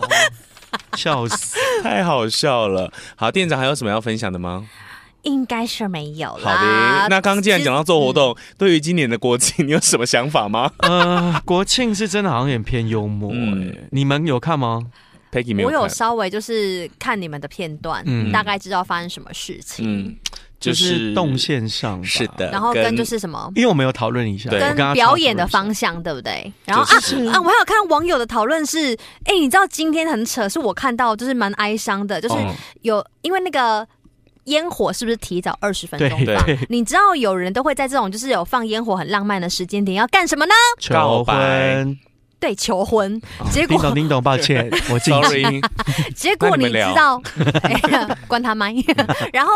笑死，太好笑了。好，店長還有什麼要分享的嗎？應該是沒有了。好的，那剛剛既然講到做活動，嗯、對於今年的國慶，你有什麼想法嗎？啊、呃，國慶是真的好像有點偏幽默哎、欸嗯，你們有看嗎？有，我有稍微就是看你們的片段，嗯，大概知道發生什麼事情，嗯，就是、就是、動線上是的，然後跟就是什麼，因為我們有討論一下對，跟表演的方向對不對？然後啊啊，啊，我還有看網友的討論是，哎、欸，你知道今天很扯，是我看到就是蠻哀傷的，就是有、嗯、因為那個煙火是不是提早二十分鐘對，對，你知道有人都會在這種就是有放煙火很浪漫的時間點要幹什麼呢？求婚。對，求婚結果林董、哦、抱歉， 我盡力禁止。 結果你知道， 哎、呀關他媽。 然後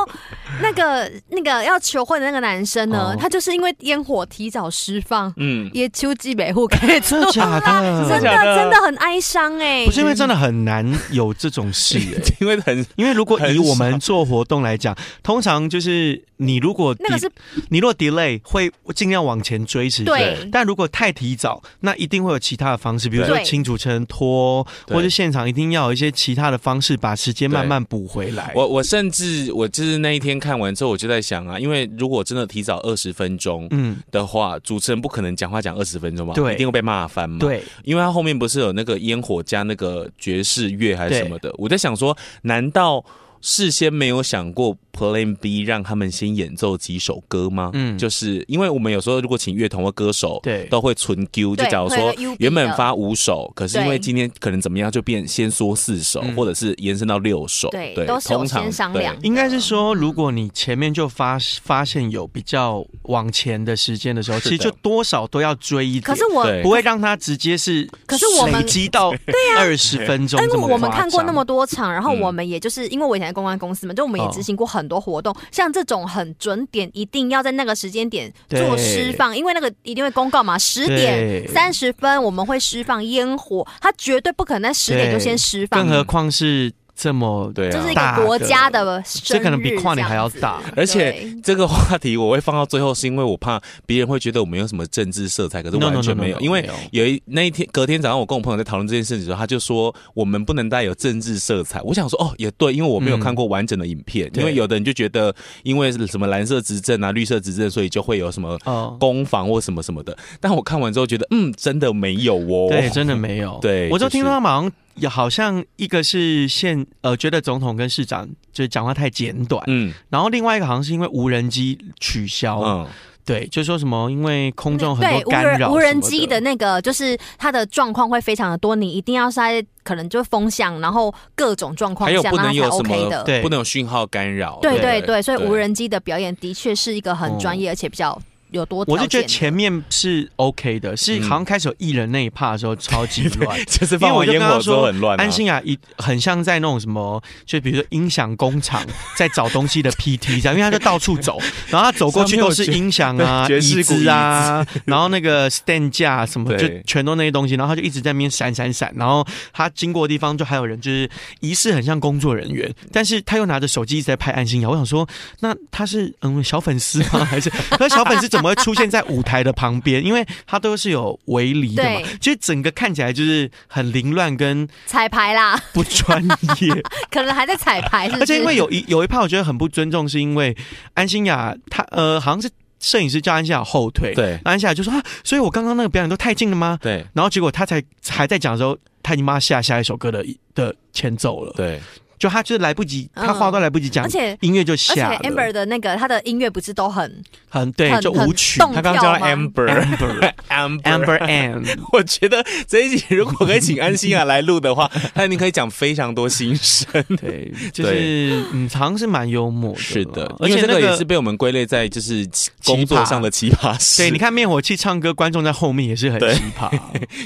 那個那個要求婚的那個男生呢，哦、他就是因為煙火提早釋放，嗯，也秋季維護給做假、嗯啊、的，真的、啊、真的很哀傷哎、欸。不是因為真的很難有這種事、欸， 因為很因為如果以我們做活動來講， 通常就是你如果 de, 那個是你如果 delay 會盡量往前追遲，對。但如果太提早，那一定會有其他。方式，比如說請主持人拖，或者現場一定要有一些其他的方式，把時間慢慢補回來。我我甚至我就是那一天看完之後，我就在想啊，因為如果真的提早二十分鐘，嗯的話，主持人不可能講話講二十分鐘嘛，對，一定會被罵翻嘛。對，因為他後面不是有那個煙火加那個爵士樂還是什麼的？我在想說，難道事先沒有想過？Plan B 讓他們先演奏幾首歌嗎？嗯，就是因為我們有時候如果請樂童或歌手，對，都會存 Q。就假如說原本發五首，可是因為今天可能怎麼樣，就變先縮四首，或者是延伸到六首。嗯、對，都重新商量，通常、對。應該是說，如果你前面就發發現有比較往前的時間的時候的，其實就多少都要追一，可是我對不會讓他直接是，可是我們積到對呀二十分鐘。但是我們看過那麼多場，然後我們也就是、嗯、因為我以前在公關公司嘛，就我們也執行過很。很多活動，像這種很準點，一定要在那個時間點做施放，因為那個一定會公告嘛。十點三十分我們會施放煙火，它絕對不可能在十點就先施放，更何況是。這麼對、啊，這是一個國家的，這的可能比跨年還要大。而且這個話題我會放到最後，是因為我怕別人會覺得我們有什麼政治色彩，可是完全沒有。因為有一那一天隔天早上，我跟我朋友在討論這件事情的時候，他就說我們不能帶有政治色彩。我想說哦，也對，因為我沒有看過完整的影片。因為有的人就覺得因為什麼藍色執政啊、綠色執政，所以就會有什麼攻防或什麼什麼的。但我看完之後覺得，嗯，真的沒有哦，對，真的沒有。對，我就聽到他忙。也好像一個是現呃覺得總統跟市長就是講話太簡短，嗯，然後另外一個好像是因為無人機取消，嗯。對，就說什麼因為空中很多干擾，無人機的那個就是它的狀況會非常的多，你一定要在可能就是風向，然後各種狀況下還有不能有什麼才能 OK 的，對，不能有訊號干擾，對對對，所以無人機的表演的確是一個很專業、嗯、而且比較。有多？我是覺得前面是 OK 的，是好像開始有藝人那一趴的時候、嗯、超級亂，就是因為我就跟他說很亂、啊。安心亞一很像在那種什麼，就比如說音響工廠在找東西的 PT， 因為他就到處走，然後他走過去都是音響啊、椅子啊椅子，然後那個 stand 架什麼，就全都那些東西，然後他就一直在那邊閃閃閃，然後他經過的地方就還有人，就是疑似很像工作人員，但是他又拿着手機一直在拍安心亞。我想說，那他是嗯小粉絲嗎？還是和 小粉絲怎 麼會出現在舞台的旁邊？因為它都是有圍籬的嘛，其實整個看起來就是很凌亂跟彩排啦，不專業，可能還在彩排是不是？而且因為有一有一趴，我覺得很不尊重，是因為安心亞他呃好像是攝影師叫安心亞後退，對，安心亞就說啊，所以我剛剛那個表演都太近了嗎？對，然後結果他才還在講的時候，他已經馬上下下一首歌的的前奏了，對。就他就是來不及、嗯，他話都來不及講，而且音樂就下。而且 Amber 的那個他的音樂不是都很很對很，就舞曲。他剛剛叫 Amber Amber Amber Amber。我覺得這一集如果可以請安心亞來錄的話，那 你可以講非常多心聲。對，就是隱藏、嗯、是蠻幽默的。是的，而且這個也是被我們歸類在就是工作上的奇葩事。奇葩。對，你看滅火器唱歌，觀眾在後面也是很奇葩。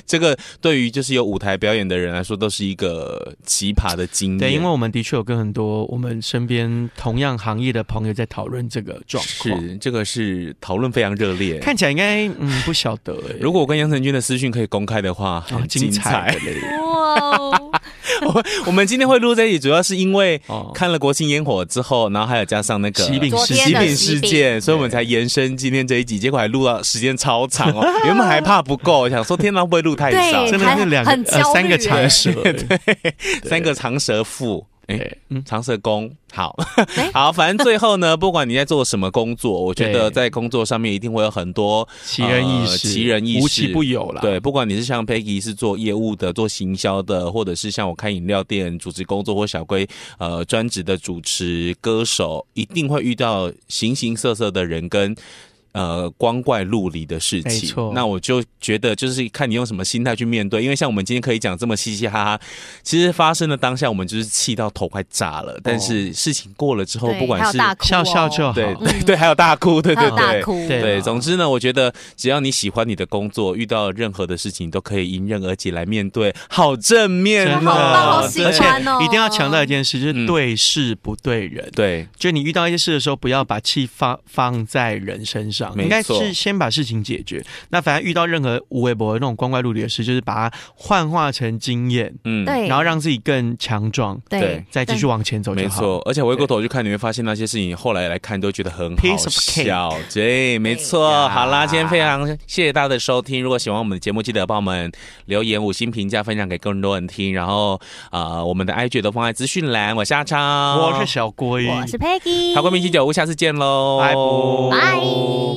這個對於就是有舞台表演的人來說，都是一個奇葩的經驗。對，因為我們。我們的確有跟很多我們身邊同樣行業的朋友在討論這個狀況，是這個是討論非常熱烈，看起來應該嗯不曉得。如果我跟楊成軍的私訊可以公開的話，好、哦、精彩。精彩哇、哦、 我，我們今天會錄這一集，主要是因為看了國慶煙火之後，然後還有加上那個喜餅事喜餅事件，所以我們才延伸今天這一集。結果還錄到時間超長哦， 原本還怕不夠，想說天啊會不會錄太少，真的是兩個、呃、三個長舌，對，三個長舌婦。哎、欸，長蛇工、嗯、好 好，反正最後呢， 不管你在做什麼工作，我覺得在工作上面一定會有很多奇人異事，奇人異事，無奇不有啦。對，不管你是像 Peggy 是做業務的、做行銷的，或者是像我開飲料店、主持工作，或小龜呃專職的主持歌手，一定會遇到形形色色的人跟，呃，光怪陸離的事情，那我就覺得，就是看你用什麼心態去面對。因為像我們今天可以講這麼嘻嘻哈哈，其實發生的當下，我們就是氣到頭快炸了。哦、但是事情過了之後，不管是大、哦、笑笑就好，對、嗯、對，還有大哭，對對對，對、對。總之呢，我覺得只要你喜歡你的工作，遇到任何的事情，你都可以迎刃而解來面對。好正面哦，好喜歡哦。而且一定要強調一件事，就是對事不對人、嗯。對，就你遇到一些事的時候，不要把氣放放在人身上。應該是先把事情解決。那反正遇到任何無謂、博那種光怪陸離的事，就是把它幻化成經驗，嗯，對，然後讓自己更強壯，對，再繼續往前走就好，沒錯。而且回過頭去看，你會發現那些事情後來來看都覺得很好笑，Piece of cake. 對，沒錯。Yeah. 好啦，今天非常謝謝大家的收聽。如果喜歡我們的節目，記得幫我們留言五星評價，分享給更多人聽。然後，呃，我們的 IG 都放在資訊欄。我是阿超，我是小龜，我是 Peggy，好，觀眾們，九五，下次見嘍，拜拜。Bye